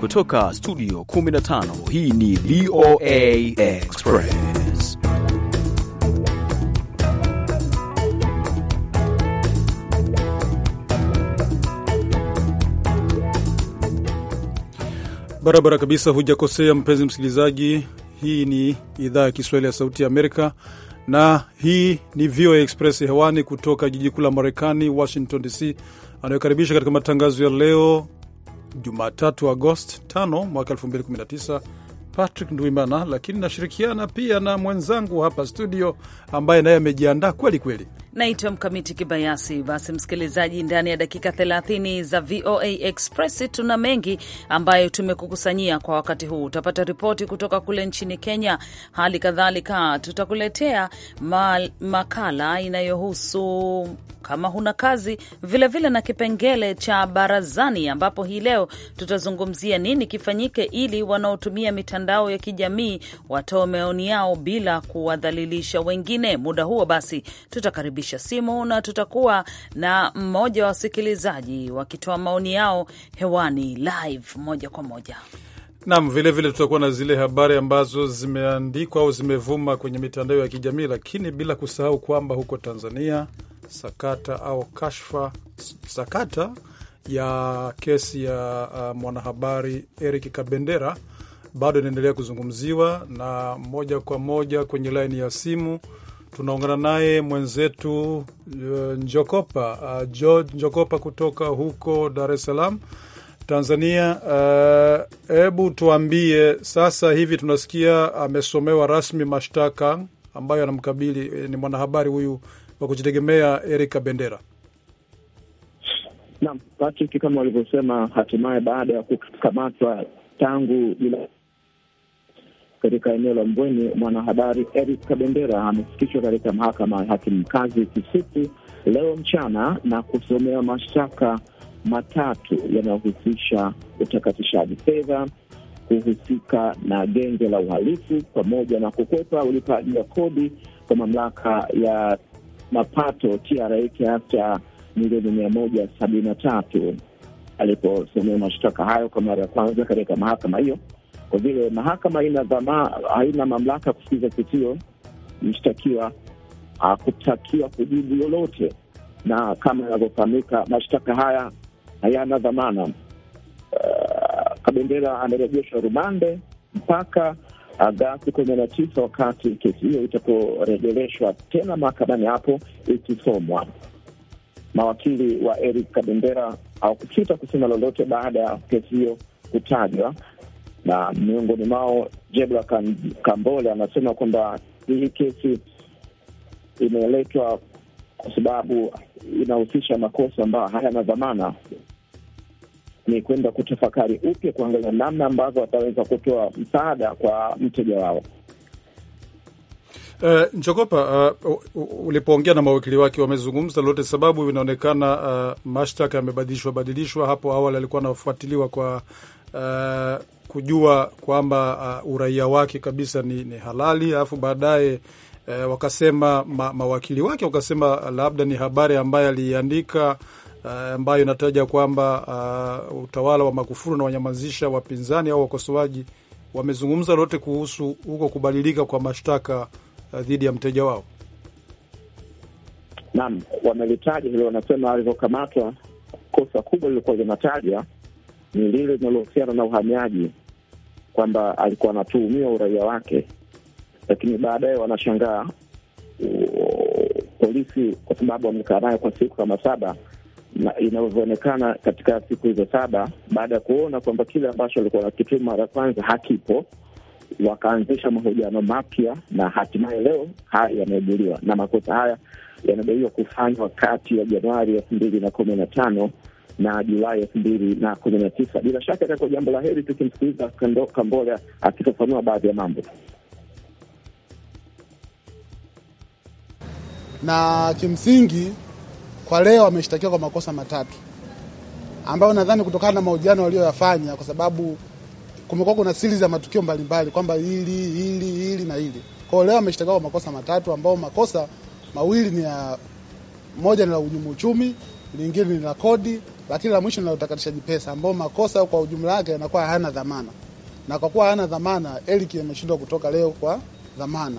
Kutoka studio 15 hii ni VOA Express. Barabara kabisa, hujakosea mpenzi msikilizaji. Hii ni idhaa ya Kiswahili ya Sauti ya Amerika na hii ni VOA Express hewani kutoka jiji kuu la Marekani, Washington DC, anayokaribisha katika matangazo ya leo Jumatatu Agosti 5 mwaka 2019. Patrick Ndwimana, lakini nashirikiana pia na mwenzangu hapa studio ambaye naye amejiandaa kweli kweli. Naitwa Mkamiti Kibayasi. Basi msikilizaji, ndani ya dakika 30 za VOA Express tuna mengi ambayo tumekukusanyia kwa wakati huu. Utapata ripoti kutoka kule nchini Kenya, hali kadhalika tutakuletea makala inayohusu kama huna kazi, vilevile vile na kipengele cha barazani, ambapo hii leo tutazungumzia nini kifanyike ili wanaotumia mitandao ya kijamii watoe maoni yao bila kuwadhalilisha wengine. Muda huo basi tutakaribia kukaribisha simu na tutakuwa na mmoja wa wasikilizaji wakitoa maoni yao hewani live moja kwa moja. Naam, vilevile tutakuwa na zile habari ambazo zimeandikwa au zimevuma kwenye mitandao ya kijamii, lakini bila kusahau kwamba huko Tanzania sakata au kashfa sakata ya kesi ya uh, mwanahabari Eric Kabendera bado inaendelea kuzungumziwa, na moja kwa moja kwenye laini ya simu tunaungana naye mwenzetu uh, Njokopa uh, George Njokopa kutoka huko Dar es Salaam, Tanzania. Eh, hebu uh, tuambie sasa hivi tunasikia amesomewa rasmi mashtaka ambayo anamkabili, ni mwanahabari huyu wa kujitegemea Erika Bendera. Naam, Patrick, kama walivyosema, hatimaye baada ya kukamatwa tangu katika eneo la Mbweni, mwanahabari Eric Kabendera amefikishwa katika mahakama ya hakimu mkazi Kisutu leo mchana na kusomewa mashtaka matatu yanayohusisha utakatishaji fedha, kuhusika na genge la uhalifu, pamoja na kukwepa ulipaji wa kodi kwa mamlaka ya mapato TRA kiasi cha milioni mia moja sabini na tatu. Aliposomewa mashtaka hayo kwa mara ya kwanza katika mahakama hiyo kwa vile mahakama haina dhama, haina mamlaka kusikiza kitio, mshtakiwa hakutakiwa kujibu lolote, na kama inavyofahamika mashtaka haya hayana dhamana. Uh, Kabendera amerejeshwa rumande mpaka Agasti kumi na tisa wakati kesi hiyo itakaporejeleshwa tena mahakamani hapo ikisomwa. Mawakili wa Eric Kabendera hawakusita kusema lolote baada ya kesi hiyo kutajwa, na miongoni mao Jebla Kambole anasema kwamba hii kesi imeletwa kwa sababu inahusisha makosa ambayo hayana dhamana. Ni kwenda kutafakari upya, kuangalia namna ambavyo wataweza kutoa msaada kwa mteja wao. Uh, Njogopa, uh, ulipoongea na mawakili wake wamezungumza lolote? Sababu inaonekana uh, mashtaka yamebadilishwa badilishwa. Hapo awali alikuwa anafuatiliwa kwa uh, kujua kwamba uh, uraia wake kabisa ni, ni halali alafu baadaye uh, wakasema ma, mawakili wake wakasema uh, labda ni habari ambayo aliiandika uh, ambayo inataja kwamba uh, utawala wa Magufuli unawanyamazisha wapinzani au wakosoaji. Wamezungumza lote kuhusu huko kubadilika kwa mashtaka uh, dhidi ya mteja wao? Naam, wamelitaja hilo, wanasema alivyokamatwa, kosa kubwa lilikuwa linatajwa ni lile linalohusiana na uhamiaji kwamba alikuwa anatuhumia uraia wake, lakini baadaye wanashangaa polisi, kwa sababu wamekaa naye kwa siku kama saba, na inavyoonekana katika siku hizo saba, baada ya kuona kwamba kile ambacho alikuwa nakituma mara ya kwanza hakipo, wakaanzisha mahojiano mapya, na hatimaye leo haya yameibuliwa, na makosa haya yanadaiwa kufanywa kati ya Januari elfu mbili na kumi na tano na Julai elfu mbili na kumi na tisa. Bila shaka itakuwa jambo la heri tukimsikiliza Kambole akifafanua baadhi ya mambo. Na kimsingi kwa leo ameshtakiwa kwa makosa matatu ambayo nadhani kutokana na mahojiano waliyoyafanya, kwa sababu kumekuwa kuna siri za matukio mbalimbali kwamba hili hili hili na hili. Kwa hiyo leo ameshtakiwa kwa makosa matatu ambao makosa mawili ni ya moja ni la uhujumu uchumi, lingine ni la kodi lakini la mwisho ni la utakatishaji pesa, ambao makosa kwa ujumla wake yanakuwa hayana dhamana, na kwa kuwa hayana dhamana, Eric ameshindwa kutoka leo kwa dhamana.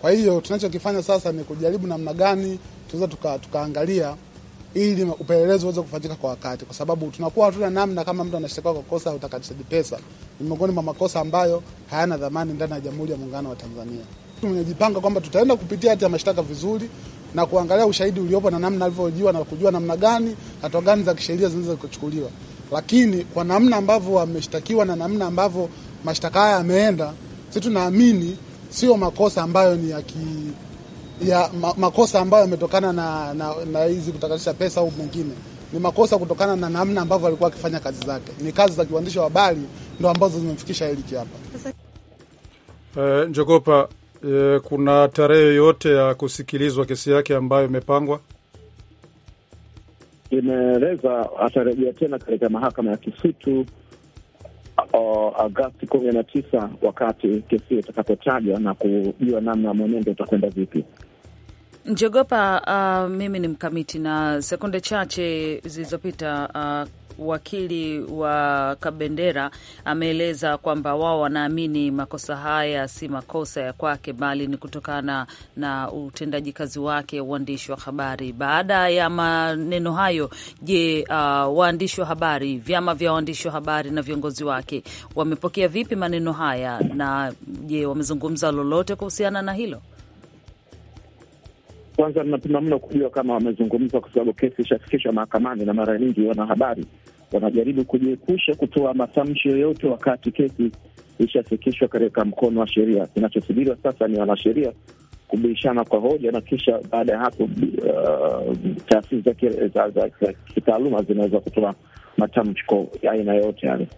Kwa hiyo tunachokifanya sasa ni kujaribu namna gani tunaweza tuka, tukaangalia ili upelelezi uweze kufanyika kwa wakati, kwa sababu tunakuwa hatuna namna. Kama mtu anashtakiwa kwa kosa la utakatishaji pesa, ni miongoni mwa makosa ambayo hayana dhamani ndani ya Jamhuri ya Muungano wa Tanzania. Tumejipanga kwamba tutaenda kupitia hati ya mashtaka vizuri, na kuangalia ushahidi uliopo na namna alivyojua na kujua namna gani hatua gani za kisheria zinaweza kuchukuliwa. Lakini kwa namna ambavyo wameshtakiwa na namna ambavyo mashtaka haya yameenda, si tunaamini sio makosa ambayo ni ya ki, ya ma, makosa ambayo yametokana na na hizi kutakatisha pesa au mwingine ni makosa kutokana na namna ambavyo alikuwa akifanya kazi zake. Ni kazi za kiwandishi wa habari ndo ambazo zimemfikisha hili hapa. Uh, Njogopa e, kuna tarehe yoyote ya kusikilizwa kesi yake ambayo imepangwa? Imeeleza atarejea tena katika mahakama ya Kisutu Agasti kumi na tisa wakati kesi itakapotajwa na kujua namna mwenendo utakwenda vipi. Njogopa, uh, mimi ni mkamiti na sekunde chache zilizopita uh, wakili wa Kabendera ameeleza kwamba wao wanaamini makosa haya si makosa ya kwake, bali ni kutokana na utendaji kazi wake uandishi wa habari. Baada ya maneno hayo, je, uh, waandishi wa habari, vyama vya waandishi wa habari na viongozi wake wamepokea vipi maneno haya, na je, wamezungumza lolote kuhusiana na hilo? Kwanza, napenda mno kujua kama wamezungumza, kwa sababu kesi ishafikishwa mahakamani na mara nyingi wanahabari wanajaribu kujiepusha kutoa matamshi yoyote wakati kesi ishafikishwa katika mkono wa sheria. Kinachosubiriwa sasa ni wanasheria kubishana kwa hoja na kisha baada ya hapo uh, taasisi za kitaaluma zinaweza kutoa matamko aina yoyote yale.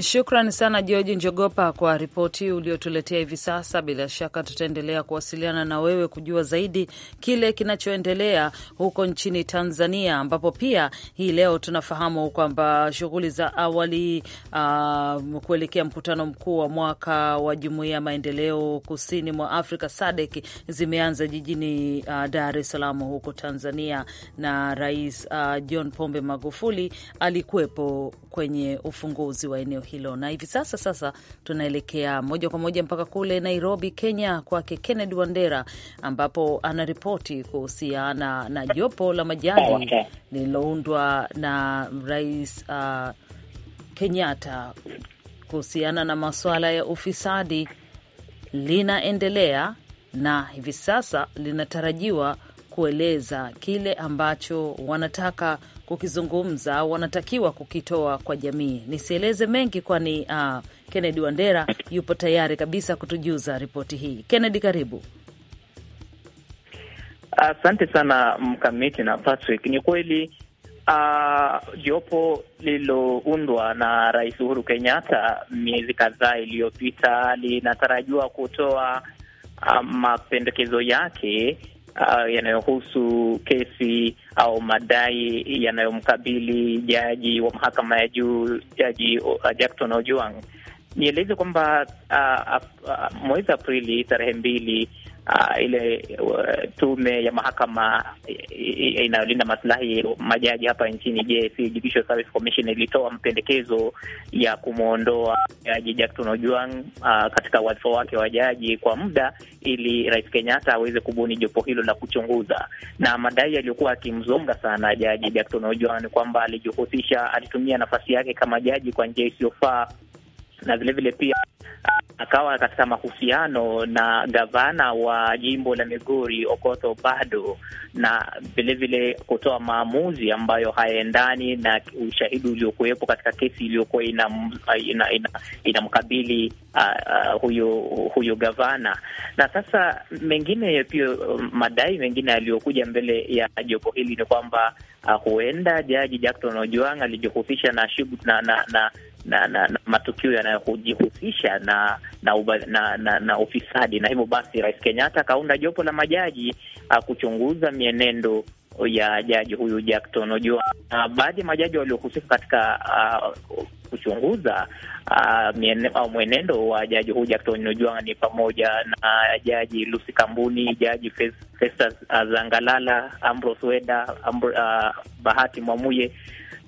Shukran sana George Njogopa kwa ripoti uliotuletea hivi sasa. Bila shaka tutaendelea kuwasiliana na wewe kujua zaidi kile kinachoendelea huko nchini Tanzania, ambapo pia hii leo tunafahamu kwamba shughuli za awali uh, kuelekea mkutano mkuu wa mwaka wa Jumuiya ya Maendeleo Kusini mwa Afrika SADC zimeanza jijini uh, Dar es Salaam huko Tanzania, na Rais uh, John Pombe Magufuli alikuwepo kwenye ufunguzi wa eneo hilo. Na hivi sasa sasa tunaelekea moja kwa moja mpaka kule Nairobi, Kenya, kwake Kennedy Wandera, ambapo anaripoti kuhusiana na jopo la majaji oh, lililoundwa na Rais uh, Kenyatta kuhusiana na masuala ya ufisadi linaendelea na hivi sasa linatarajiwa kueleza kile ambacho wanataka kukizungumza, wanatakiwa kukitoa kwa jamii. Nisieleze mengi, kwani uh, Kennedy Wandera yupo tayari kabisa kutujuza ripoti hii. Kennedy, karibu. Asante uh, sana Mkamiti na Patrick. Ni kweli uh, jopo lililoundwa na Rais Uhuru Kenyatta miezi kadhaa iliyopita linatarajiwa kutoa uh, mapendekezo yake uh, yanayohusu kesi au madai yanayomkabili jaji wa mahakama ya juu jaji uh, Jackton Ojuang. Nieleze kwamba uh, uh, mwezi Aprili tarehe mbili uh, ile uh, tume ya mahakama inayolinda maslahi majaji hapa nchini JSC, Judicial Service Commission, ilitoa mapendekezo ya kumwondoa jaji Jackton Ojwang uh, katika wadhifa wake wa jaji kwa muda, ili Rais Kenyatta aweze kubuni jopo hilo la kuchunguza. Na madai yaliyokuwa akimzonga sana jaji Jackton Ojwang ni kwamba alijihusisha, alitumia nafasi yake kama jaji kwa njia isiyofaa na vilevile pia akawa katika mahusiano na gavana wa jimbo la Migori Okoto Bado, na vilevile kutoa maamuzi ambayo hayaendani na ushahidi uliokuwepo katika kesi iliyokuwa inamkabili ina, ina, ina uh, uh, huyo huyo gavana. Na sasa mengine pia, um, madai mengine yaliyokuja mbele ya jopo hili ni kwamba uh, huenda Jaji Jackton Ojwang alijihusisha na, na, na, na, na, na matukio yanayojihusisha na na, na na na ufisadi, na hivyo basi Rais Kenyatta akaunda jopo la majaji uh, kuchunguza mienendo ya jaji huyu Jackton Ojwang. Uh, baadhi ya majaji waliohusika katika uh, kuchunguza uh, mwenendo wa jaji huyu Jackton Ojwang ni pamoja na jaji Lucy Kambuni, jaji Festus uh, Zangalala, Ambrose Weda, ambr, uh, Bahati Mwamuye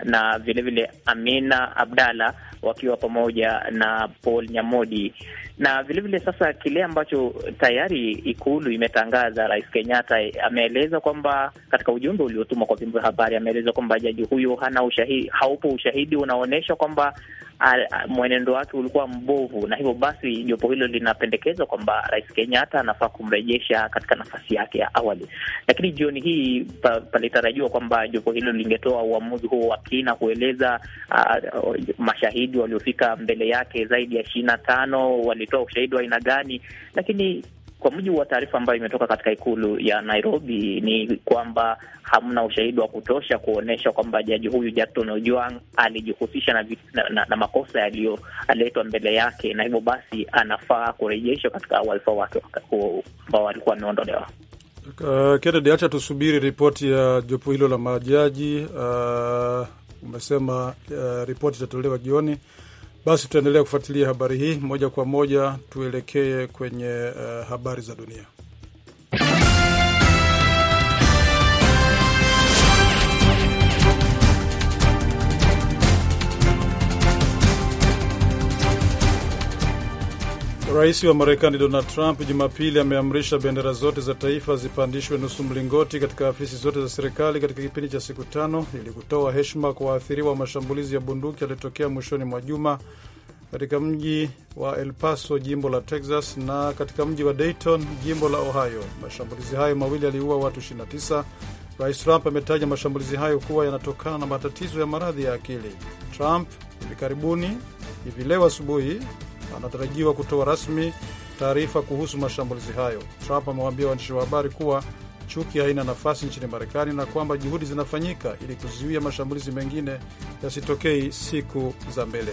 na vilevile vile Amina Abdalla wakiwa pamoja na Paul Nyamodi na vilevile vile. Sasa kile ambacho tayari Ikulu imetangaza, Rais Kenyatta ameeleza kwamba katika ujumbe uliotumwa kwa vyombo vya habari, ameeleza kwamba jaji huyo hana ushahidi, haupo ushahidi unaonyesha kwamba mwenendo wake ulikuwa mbovu, na hivyo basi jopo hilo linapendekeza kwamba Rais Kenyatta anafaa kumrejesha katika nafasi yake ya awali. Lakini jioni hii palitarajiwa kwamba jopo hilo lingetoa uamuzi huo wa kina kueleza uh, mashahidi mashahidi waliofika mbele yake zaidi ya ishirini na tano walitoa ushahidi wa aina gani? Lakini kwa mujibu wa taarifa ambayo imetoka katika ikulu ya Nairobi ni kwamba hamna ushahidi wa kutosha kuonyesha kwamba jaji huyu Jackton Ojwang alijihusisha na, na, na, na makosa yaliyoletwa mbele yake, na hivyo basi anafaa kurejeshwa katika wadhifa wake ambao walikuwa wameondolewa. Uh, Kennedy, acha tusubiri ripoti ya jopo hilo la majaji uh umesema uh, ripoti itatolewa jioni. Basi tutaendelea kufuatilia habari hii moja kwa moja. Tuelekee kwenye uh, habari za dunia. Rais wa Marekani Donald Trump Jumapili ameamrisha bendera zote za taifa zipandishwe nusu mlingoti katika afisi zote za serikali katika kipindi cha siku tano ili kutoa heshima kwa waathiriwa wa mashambulizi ya bunduki yaliyotokea mwishoni mwa juma katika mji wa El Paso, jimbo la Texas, na katika mji wa Dayton, jimbo la Ohio. Mashambulizi hayo mawili yaliua watu 29. Rais Trump ametaja mashambulizi hayo kuwa yanatokana na matatizo ya maradhi ya akili. Trump hivi karibuni hivi leo asubuhi anatarajiwa kutoa rasmi taarifa kuhusu mashambulizi hayo. Trump amewaambia waandishi wa habari kuwa chuki haina nafasi nchini Marekani na kwamba juhudi zinafanyika ili kuzuia mashambulizi mengine yasitokei siku za mbele.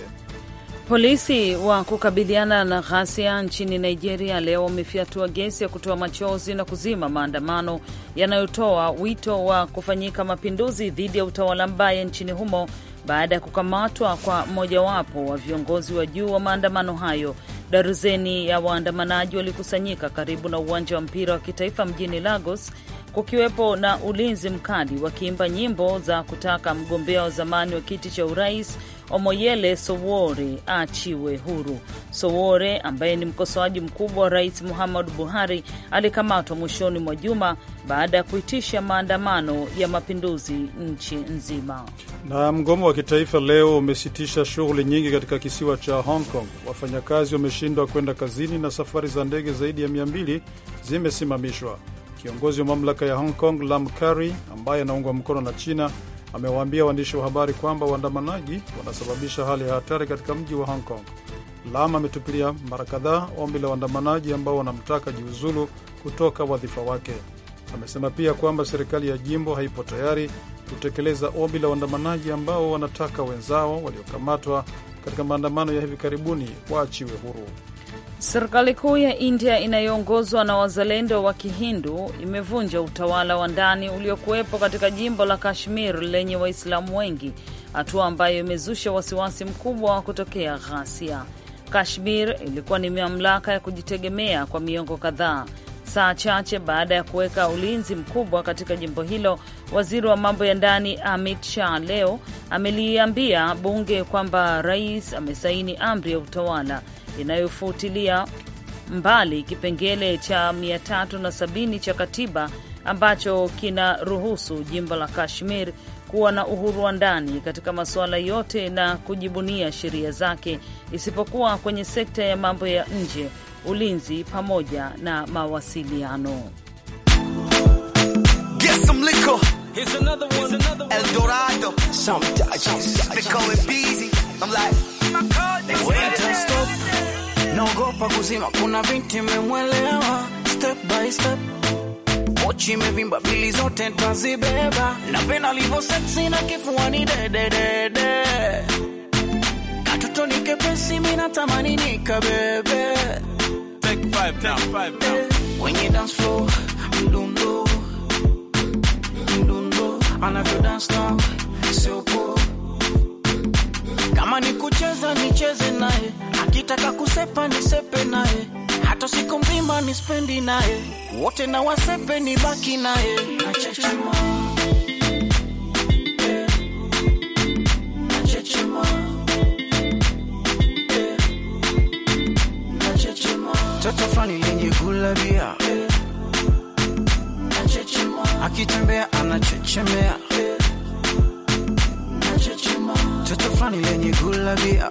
Polisi wa kukabiliana na ghasia nchini Nigeria leo wamefyatua gesi ya kutoa machozi na kuzima maandamano yanayotoa wito wa kufanyika mapinduzi dhidi ya utawala mbaya nchini humo baada ya kukamatwa kwa mmojawapo wa viongozi wa juu wa maandamano hayo. Daruzeni ya waandamanaji walikusanyika karibu na uwanja wa mpira wa kitaifa mjini Lagos kukiwepo na ulinzi mkali, wakiimba nyimbo za kutaka mgombea wa zamani wa kiti cha urais Omoyele Sowore aachiwe huru. Sowore ambaye ni mkosoaji mkubwa wa Rais Muhammadu Buhari alikamatwa mwishoni mwa juma baada ya kuitisha maandamano ya mapinduzi nchi nzima. Na mgomo wa kitaifa leo umesitisha shughuli nyingi katika kisiwa cha Hong Kong. Wafanyakazi wameshindwa kwenda kazini na safari za ndege zaidi ya 200 zimesimamishwa. Kiongozi wa mamlaka ya Hong Kong Lam Kari, ambaye anaungwa mkono na China, amewaambia waandishi wa habari kwamba waandamanaji wanasababisha hali ya hatari katika mji wa Hong Kong. Lam ametupilia mara kadhaa ombi la waandamanaji ambao wanamtaka jiuzulu kutoka wadhifa wake. Amesema pia kwamba serikali ya jimbo haipo tayari kutekeleza ombi la waandamanaji ambao wanataka wenzao waliokamatwa katika maandamano ya hivi karibuni waachiwe huru. Serikali kuu ya India inayoongozwa na wazalendo wa Kihindu imevunja utawala wa ndani uliokuwepo katika jimbo la Kashmir lenye Waislamu wengi, hatua ambayo imezusha wasiwasi mkubwa wa kutokea ghasia. Kashmir ilikuwa ni mamlaka ya kujitegemea kwa miongo kadhaa Saa chache baada ya kuweka ulinzi mkubwa katika jimbo hilo, waziri wa mambo ya ndani Amit Shah leo ameliambia bunge kwamba rais amesaini amri ya utawala inayofutilia mbali kipengele cha 370 cha katiba ambacho kinaruhusu jimbo la Kashmir kuwa na uhuru wa ndani katika masuala yote na kujibunia sheria zake isipokuwa kwenye sekta ya mambo ya nje ulinzi pamoja na mawasiliano. Naogopa kuzima, kuna binti imemwelewa, step by step, imevimba, bili zote tazibeba, napenda na kifuani dededede, katoto nikabebe 35 now. 35 now. When you dance floor, you don't know. You don't know. And if you dance now. so cool. Kama ni kucheza ni nicheze naye, akitaka kusepa sepe naye, hata siku mzima spendi naye, wote na wasepe ni nibaki naye. Nachechema Toto fani lenye kulabia, akitembea anachechemea, toto fani lenye kulabia,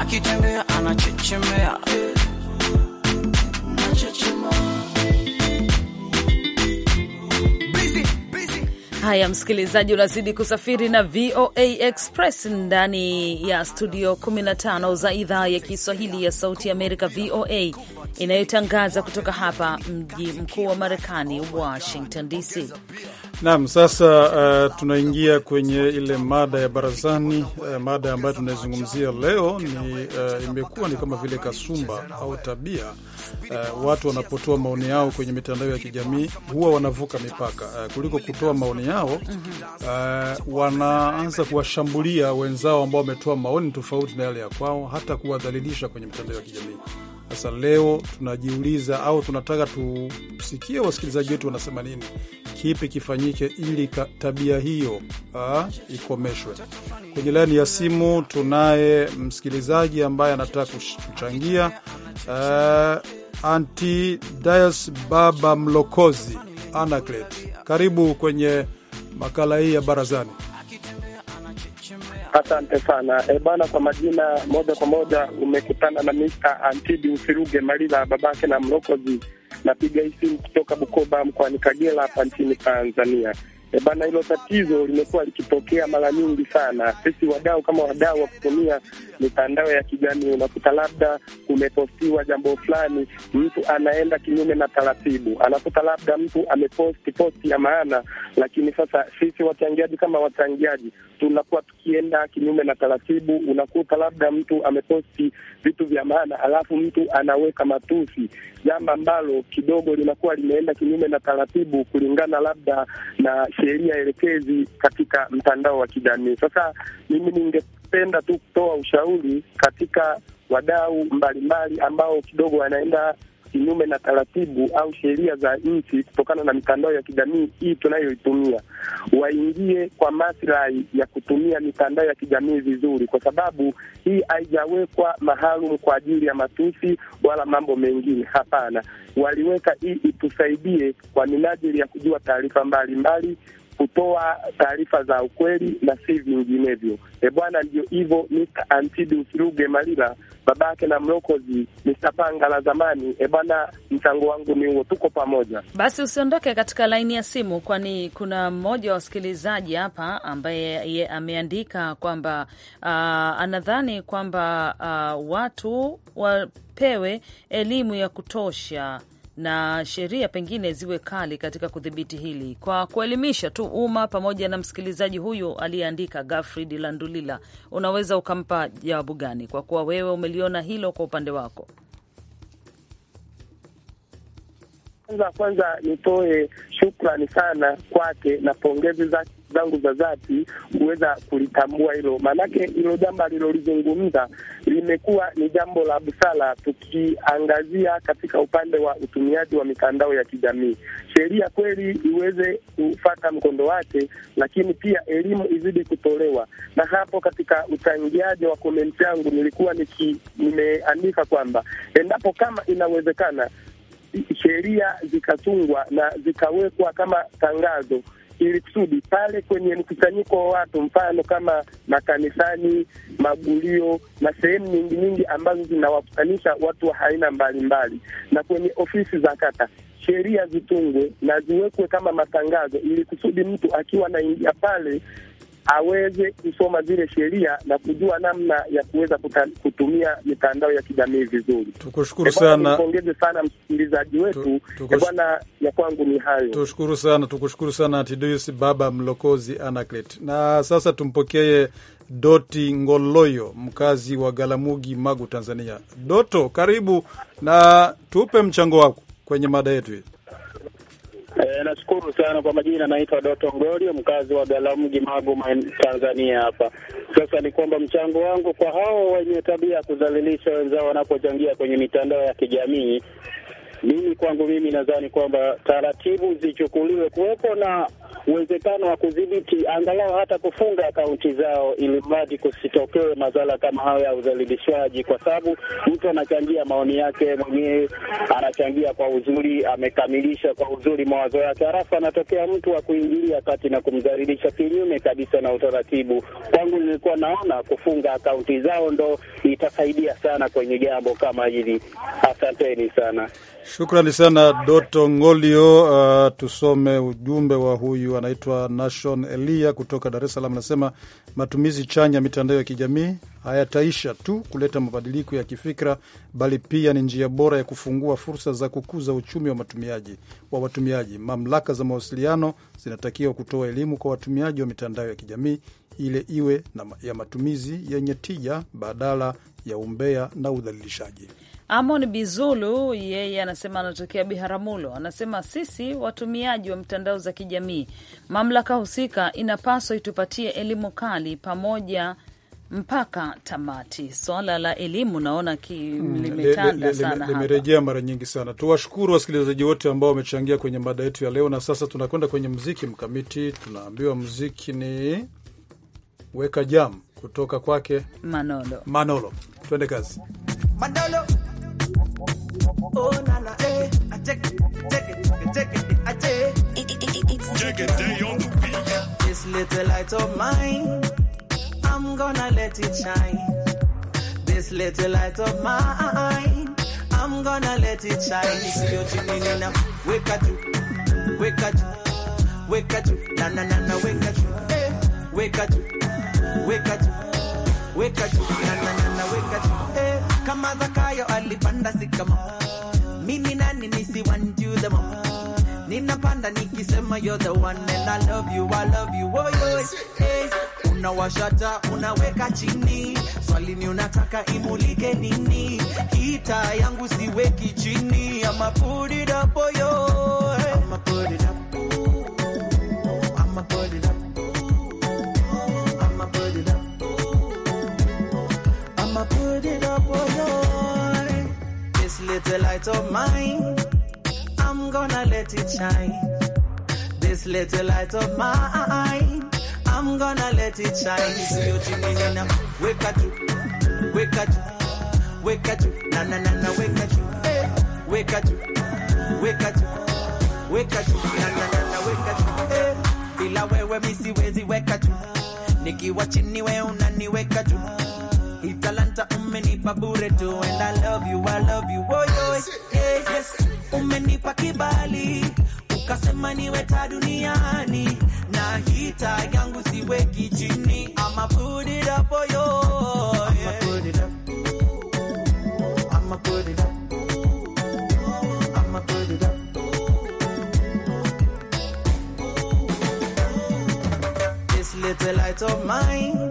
akitembea anachechemea Haya, msikilizaji, unazidi kusafiri na VOA Express ndani ya studio 15 za idhaa ya Kiswahili ya Sauti ya Amerika, VOA, inayotangaza kutoka hapa mji mkuu wa Marekani, Washington DC. Naam, sasa uh, tunaingia kwenye ile mada ya barazani. Uh, mada ambayo tunaizungumzia leo ni uh, imekuwa ni kama vile kasumba au tabia uh, watu wanapotoa maoni yao kwenye mitandao ya kijamii huwa wanavuka mipaka uh, kuliko kutoa maoni yao uh, wanaanza kuwashambulia wenzao ambao wametoa maoni tofauti na yale ya kwao, hata kuwadhalilisha kwenye mitandao ya kijamii. Sasa leo tunajiuliza au tunataka tusikie wasikilizaji wetu wanasema nini, kipi kifanyike ili tabia hiyo ah, ikomeshwe. Kwenye laini ya simu tunaye msikilizaji ambaye anataka kuchangia. Dias Baba Mlokozi Anaclet, karibu kwenye makala hii ya barazani. Asante sana e bana, kwa majina moja kwa moja umekutana na Mr. Antidi Usiruge Malila babake na Mlokozi. Napiga hii simu kutoka Bukoba mkoani Kagera hapa nchini Tanzania. E bana, hilo tatizo limekuwa likitokea mara nyingi sana. Sisi wadau kama wadau wa kutumia mitandao ya kijamii, unakuta labda kumepostiwa jambo fulani, mtu anaenda kinyume na taratibu, anakuta labda mtu ameposti posti ya maana, lakini sasa sisi wachangiaji kama wachangiaji tunakuwa tukienda kinyume na taratibu. Unakuta labda mtu ameposti vitu vya maana, alafu mtu anaweka matusi, jambo ambalo kidogo linakuwa limeenda kinyume na taratibu kulingana labda na sheria elekezi katika mtandao wa kijamii. Sasa mimi ningependa tu kutoa ushauri katika wadau mbalimbali ambao kidogo wanaenda kinyume na taratibu au sheria za nchi kutokana na mitandao ya kijamii hii tunayoitumia, waingie kwa maslahi ya kutumia mitandao ya kijamii vizuri, kwa sababu hii haijawekwa maalum kwa ajili ya matusi wala mambo mengine. Hapana, waliweka hii itusaidie kwa minajili ya kujua taarifa mbalimbali kutoa taarifa za ukweli na si vinginevyo. E bwana, ndio hivyo. Mr Antidius Ruge Malila, babake na mlokozi Mr Panga la zamani. E bwana, mchango wangu ni huo, tuko pamoja. Basi usiondoke katika laini ya simu, kwani kuna mmoja wa wasikilizaji hapa ambaye ameandika kwamba uh, anadhani kwamba uh, watu wapewe elimu ya kutosha na sheria pengine ziwe kali katika kudhibiti hili, kwa kuelimisha tu umma pamoja na msikilizaji huyu aliyeandika, Gafrid Landulila. Unaweza ukampa jawabu gani, kwa kuwa wewe umeliona hilo kwa upande wako? Kwanza kwanza nitoe shukrani sana kwake na pongezi zake zangu za dhati kuweza kulitambua hilo, maanake hilo jambo alilolizungumza limekuwa ni jambo la busara, tukiangazia katika upande wa utumiaji wa mitandao ya kijamii, sheria kweli iweze kufata mkondo wake, lakini pia elimu izidi kutolewa. Na hapo katika uchangiaji wa komenti yangu nilikuwa niki, nimeandika kwamba endapo kama inawezekana sheria zikatungwa na zikawekwa kama tangazo ili kusudi pale kwenye mkusanyiko wa watu, mfano kama makanisani, magulio na sehemu nyingi nyingi ambazo zinawakutanisha watu wa aina mbalimbali, na kwenye ofisi za kata sheria zitungwe na ziwekwe kama matangazo, ili kusudi mtu akiwa anaingia pale aweze kusoma zile sheria na kujua namna ya kuweza kutumia mitandao ya kijamii vizuri. Tukushukuru sana, pongeze sana msikilizaji wetu bwana. Ya kwangu ni hayo, tushukuru sana, tukushukuru sana Antidius Baba Mlokozi Anaclet. Na sasa tumpokee Doti Ngoloyo, mkazi wa Galamugi, Magu, Tanzania. Doto, karibu na tupe mchango wako kwenye mada yetu hii. E, nashukuru sana kwa majina, naitwa Doto ngorio mkazi wa Galamji, magu Tanzania. Hapa sasa ni kwamba mchango wangu kwa hao wenye tabia ya kudhalilisha wenzao wanapochangia kwenye mitandao ya kijamii mimi kwangu mimi nadhani kwamba taratibu zichukuliwe, kuwepo na uwezekano wa kudhibiti angalau hata kufunga akaunti zao, ili mradi kusitokee madhara kama hayo ya udhalilishwaji, kwa sababu mtu anachangia maoni yake mwenyewe, anachangia kwa uzuri, amekamilisha kwa uzuri mawazo yake, halafu anatokea mtu wa kuingilia kati na kumdhalilisha kinyume kabisa na utaratibu. Kwangu nilikuwa naona kufunga akaunti zao ndo itasaidia sana kwenye jambo kama hili. Asanteni sana. Shukrani sana Doto Ngolio. Uh, tusome ujumbe wa huyu anaitwa Nation Elia kutoka Dar es Salaam, anasema matumizi chanya ya mitandao ya kijamii hayataisha tu kuleta mabadiliko ya kifikra, bali pia ni njia bora ya kufungua fursa za kukuza uchumi wa matumiaji wa watumiaji. Mamlaka za mawasiliano zinatakiwa kutoa elimu kwa watumiaji wa mitandao ya kijamii ile iwe na ya matumizi yenye tija badala ya umbea na udhalilishaji. Amon Bizulu yeye anasema anatokea Biharamulo, anasema sisi watumiaji wa mtandao za kijamii, mamlaka husika inapaswa itupatie elimu kali pamoja mpaka tamati. Swala la elimu naona hmm, limetanda sana, limerejea mara nyingi sana. Tuwashukuru wasikilizaji wote ambao wamechangia kwenye mada yetu ya leo, na sasa tunakwenda kwenye mziki mkamiti. Tunaambiwa mziki ni weka jam kutoka kwake Manolo. Manolo, twende kazi Manolo. Oh, nana, eh, This little light of mine, I'm gonna let it shine. This little light of mine, I'm gonna let it shine. na na na na, eh, weka juu, weka juu, na na na na weka juu, eh, kama Zakayo alipanda sikama, mimi nani nisiwanju the mom, ninapanda nikisema you're the one and I love you, I love you, oh, oh, eh, unawashata unaweka chini, swali ni unataka imulike nini? Hita yangu siweki chini, ama put it up, oh, yo, ama put it up, ama put it up i put it up, oh Lord. This little light of mine, I'm gonna let it shine. This little light of mine, I'm gonna let it shine. Beauty menina, wake at wake at wake at na na na na, wake at you, hey. wake at you, wake at you, wake at you, na na na na, wake at you, hey. Ila wewe misiwezi weka tu, nikiwa chini wewe unaniweka tu umenipa bure tu and I love you, I love you, oh yo, yeah, yes. Umenipa kibali ukasema niwe ta duniani na hita yangu siweki chini, I'ma put it up, oh yo, little light of mine,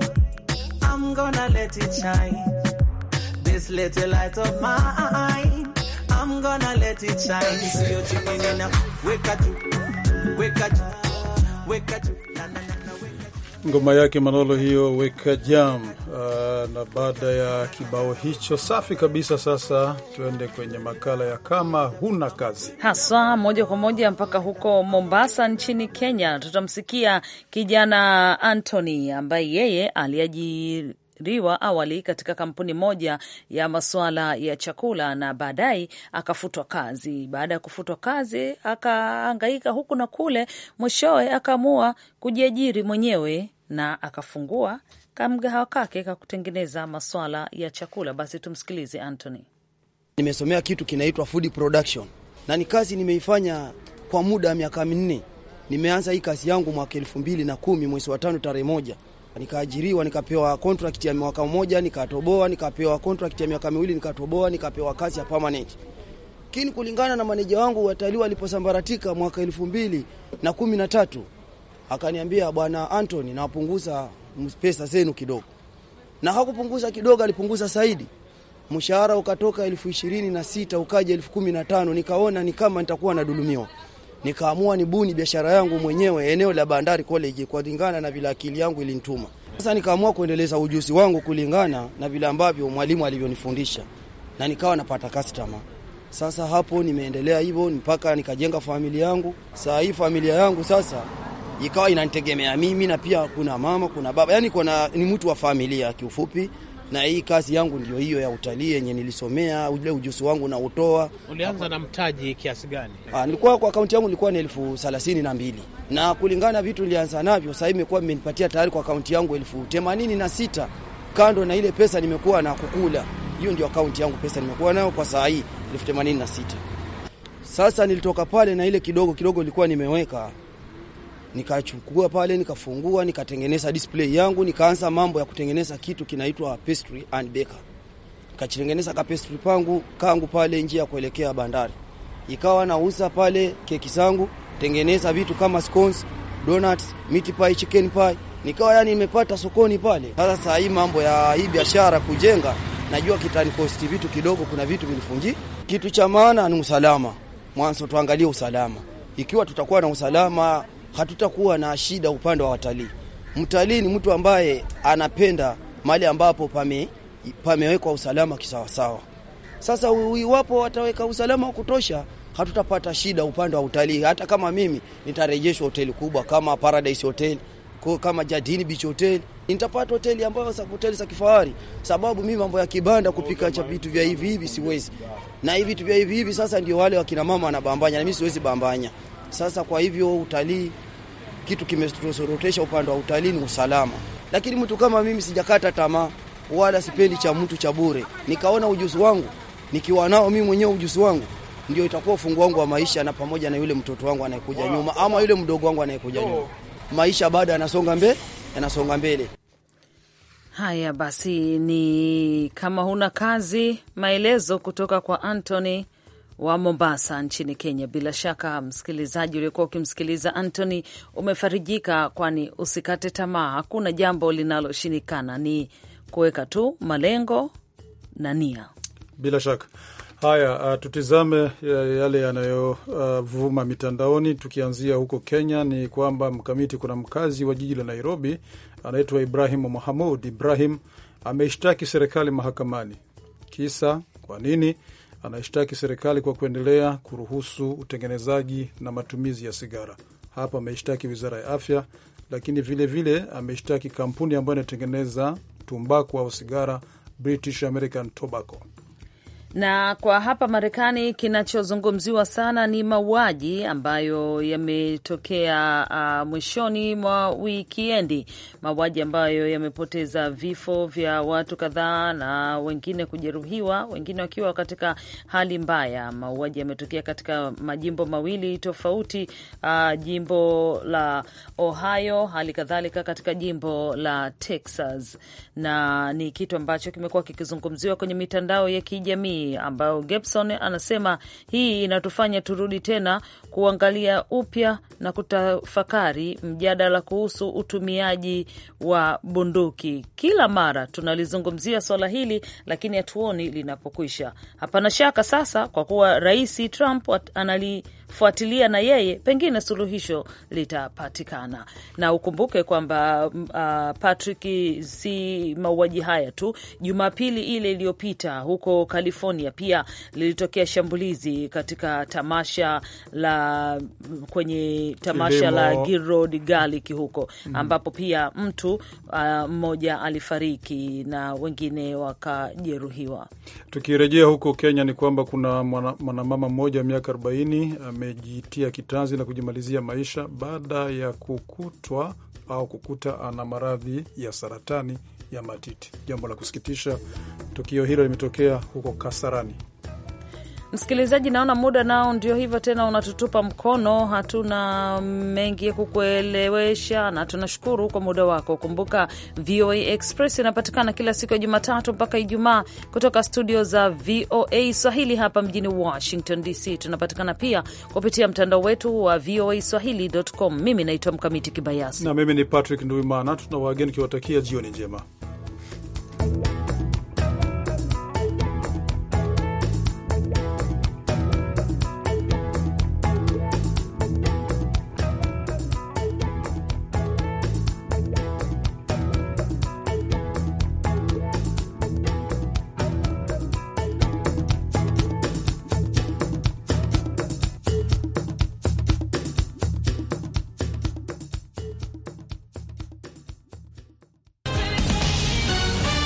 I'm gonna let it shine little light of mine, I'm gonna let it shine. Sio chini nina weka tu, weka Ngoma yake Manolo hiyo weka jam. Uh, na baada ya kibao hicho safi kabisa, sasa tuende kwenye makala ya kama huna kazi haswa, moja kwa moja mpaka huko Mombasa nchini Kenya. Tutamsikia kijana Anthony ambaye yeye aliaji aliajiriwa awali katika kampuni moja ya masuala ya chakula na baadaye akafutwa kazi. Baada ya kufutwa kazi, akaangaika huku na kule, mwishowe akaamua kujiajiri mwenyewe na akafungua kamgahawa kake ka kutengeneza masuala ya chakula. Basi tumsikilize Anthony. Nimesomea kitu kinaitwa food production na ni kazi nimeifanya kwa muda wa miaka minne. Nimeanza hii kazi yangu mwaka elfu mbili na kumi mwezi wa tano tarehe moja nikaajiriwa nikapewa contract ya mwaka mmoja, nikatoboa, nikapewa contract ya miaka miwili, nikatoboa, nikapewa kazi ya permanent. Lakini kulingana na maneja wangu watalii waliposambaratika mwaka elfu mbili na kumi na tatu akaniambia, bwana Antony, nawapunguza pesa zenu kidogo, na hakupunguza kidogo, alipunguza zaidi. Mshahara ukatoka elfu ishirini na sita ukaja elfu kumi na tano Nikaona ni kama nitakuwa nadulumiwa nikaamua nibuni biashara yangu mwenyewe eneo la Bandari College kulingana na vile akili yangu ilinituma. Sasa nikaamua kuendeleza ujuzi wangu kulingana na vile ambavyo mwalimu alivyonifundisha na nikawa napata customer. Sasa hapo nimeendelea hivyo mpaka nikajenga familia yangu. Saa hii familia yangu sasa ikawa inanitegemea mimi, na pia kuna mama, kuna baba, yani kuna, ni mtu wa familia kiufupi na hii kazi yangu ndio hiyo ya utalii yenye nilisomea, ule ujuzi wangu na utoa. Ulianza na mtaji kiasi gani? Ah, nilikuwa kwa akaunti yangu nilikuwa ni elfu thelathini na mbili na kulingana na vitu nilianza navyo, sasa imekuwa imenipatia tayari kwa akaunti yangu elfu themanini na sita kando na ile pesa nimekuwa na kukula. Hiyo ndio akaunti yangu, pesa nimekuwa nayo kwa saa hii elfu themanini na sita. Sasa nilitoka pale na ile kidogo kidogo nilikuwa nimeweka nikachukua pale nikafungua nikatengeneza display yangu, nikaanza mambo ya kutengeneza kitu kinaitwa pastry and baker. Nikatengeneza ka pastry pangu kangu pale njia ya kuelekea bandari, ikawa nauza pale keki zangu, tengeneza vitu kama scones, donuts, meat pie, chicken pie, nikawa yani nimepata sokoni pale. Sasa saa hii mambo ya hii biashara kujenga, najua kitanikosti vitu kidogo, kuna vitu vinifungi. Kitu cha maana ni usalama. Mwanzo tuangalie usalama, ikiwa tutakuwa na usalama hatutakuwa na shida upande wa watalii. Mtalii ni mtu ambaye anapenda mahali ambapo pame, pamewekwa usalama kisawasawa. Sasa iwapo wataweka usalama wa kutosha, hatutapata shida upande wa utalii. Hata kama mimi nitarejeshwa hoteli kubwa kama Paradise Hotel, kama Jardini Beach Hotel, nitapata hoteli ambayo hoteli za kifahari, sababu mimi mambo ya kibanda kupika cha vitu vya hivi hivi siwezi, na hivi vitu vya hivi hivi sasa ndio wale wakina mama wanabambanya, na mimi siwezi bambanya. Sasa kwa hivyo utalii, kitu kimetusorotesha upande wa utalii ni usalama, lakini mtu kama mimi sijakata tamaa wala sipendi cha mtu cha bure. Nikaona ujuzi wangu nikiwa nao mimi mwenyewe ujuzi wangu ndio itakuwa ufungu wangu wa maisha, na pamoja na yule mtoto wangu anayekuja nyuma ama yule mdogo wangu anayekuja nyuma, oh. maisha bado yanasonga mbele, yanasonga mbele. Haya basi, ni kama huna kazi, maelezo kutoka kwa Anthony wa Mombasa nchini Kenya. Bila shaka, msikilizaji uliokuwa ukimsikiliza Anthony, umefarijika, kwani usikate tamaa. Hakuna jambo linaloshindikana, ni kuweka tu malengo na nia. Bila shaka. Haya, uh, tutizame uh, yale yanayovuma uh, mitandaoni. Tukianzia huko Kenya ni kwamba mkamiti, kuna mkazi wa jiji la Nairobi anaitwa Ibrahim Mahamud. Ibrahim ameishtaki serikali mahakamani. Kisa kwa nini? anaishtaki serikali kwa kuendelea kuruhusu utengenezaji na matumizi ya sigara. Hapa ameishtaki wizara ya afya, lakini vilevile ameishtaki kampuni ambayo inatengeneza tumbaku au sigara, British American Tobacco. Na kwa hapa Marekani kinachozungumziwa sana ni mauaji ambayo yametokea uh, mwishoni mwa wikiendi, mauaji ambayo yamepoteza vifo vya watu kadhaa na wengine kujeruhiwa, wengine wakiwa katika hali mbaya. Mauaji yametokea katika majimbo mawili tofauti, uh, jimbo la Ohio, hali kadhalika katika jimbo la Texas, na ni kitu ambacho kimekuwa kikizungumziwa kwenye mitandao ya kijamii jamii, ambayo Gibson anasema hii inatufanya turudi tena kuangalia upya na kutafakari mjadala kuhusu utumiaji wa bunduki. Kila mara tunalizungumzia swala hili, lakini hatuoni linapokwisha. Hapana shaka sasa, kwa kuwa Rais Trump analii fuatilia na yeye, pengine suluhisho litapatikana. Na ukumbuke kwamba mm, uh, Patrick, si mauaji haya tu. Jumapili ile iliyopita huko California pia lilitokea shambulizi katika tamasha la mm, kwenye tamasha Kilimo la Gilroy Garlic huko mm -hmm. ambapo pia mtu uh, mmoja alifariki na wengine wakajeruhiwa. Tukirejea huko Kenya ni kwamba kuna mwanamama mwana mmoja wa miaka 40 amejitia kitanzi na kujimalizia maisha baada ya kukutwa au kukuta ana maradhi ya saratani ya matiti. Jambo la kusikitisha, tukio hilo limetokea huko Kasarani. Msikilizaji, naona muda nao ndio hivyo tena, unatutupa mkono. Hatuna mengi ya kukuelewesha na tunashukuru kwa muda wako. Kumbuka VOA Express inapatikana kila siku ya Jumatatu mpaka Ijumaa kutoka studio za VOA Swahili hapa mjini Washington DC. Tunapatikana pia kupitia mtandao wetu wa VOA Swahili.com. Mimi naitwa Mkamiti Kibayasi na mimi ni Patrick Nduimana. Tuna wageni kiwatakia jioni njema.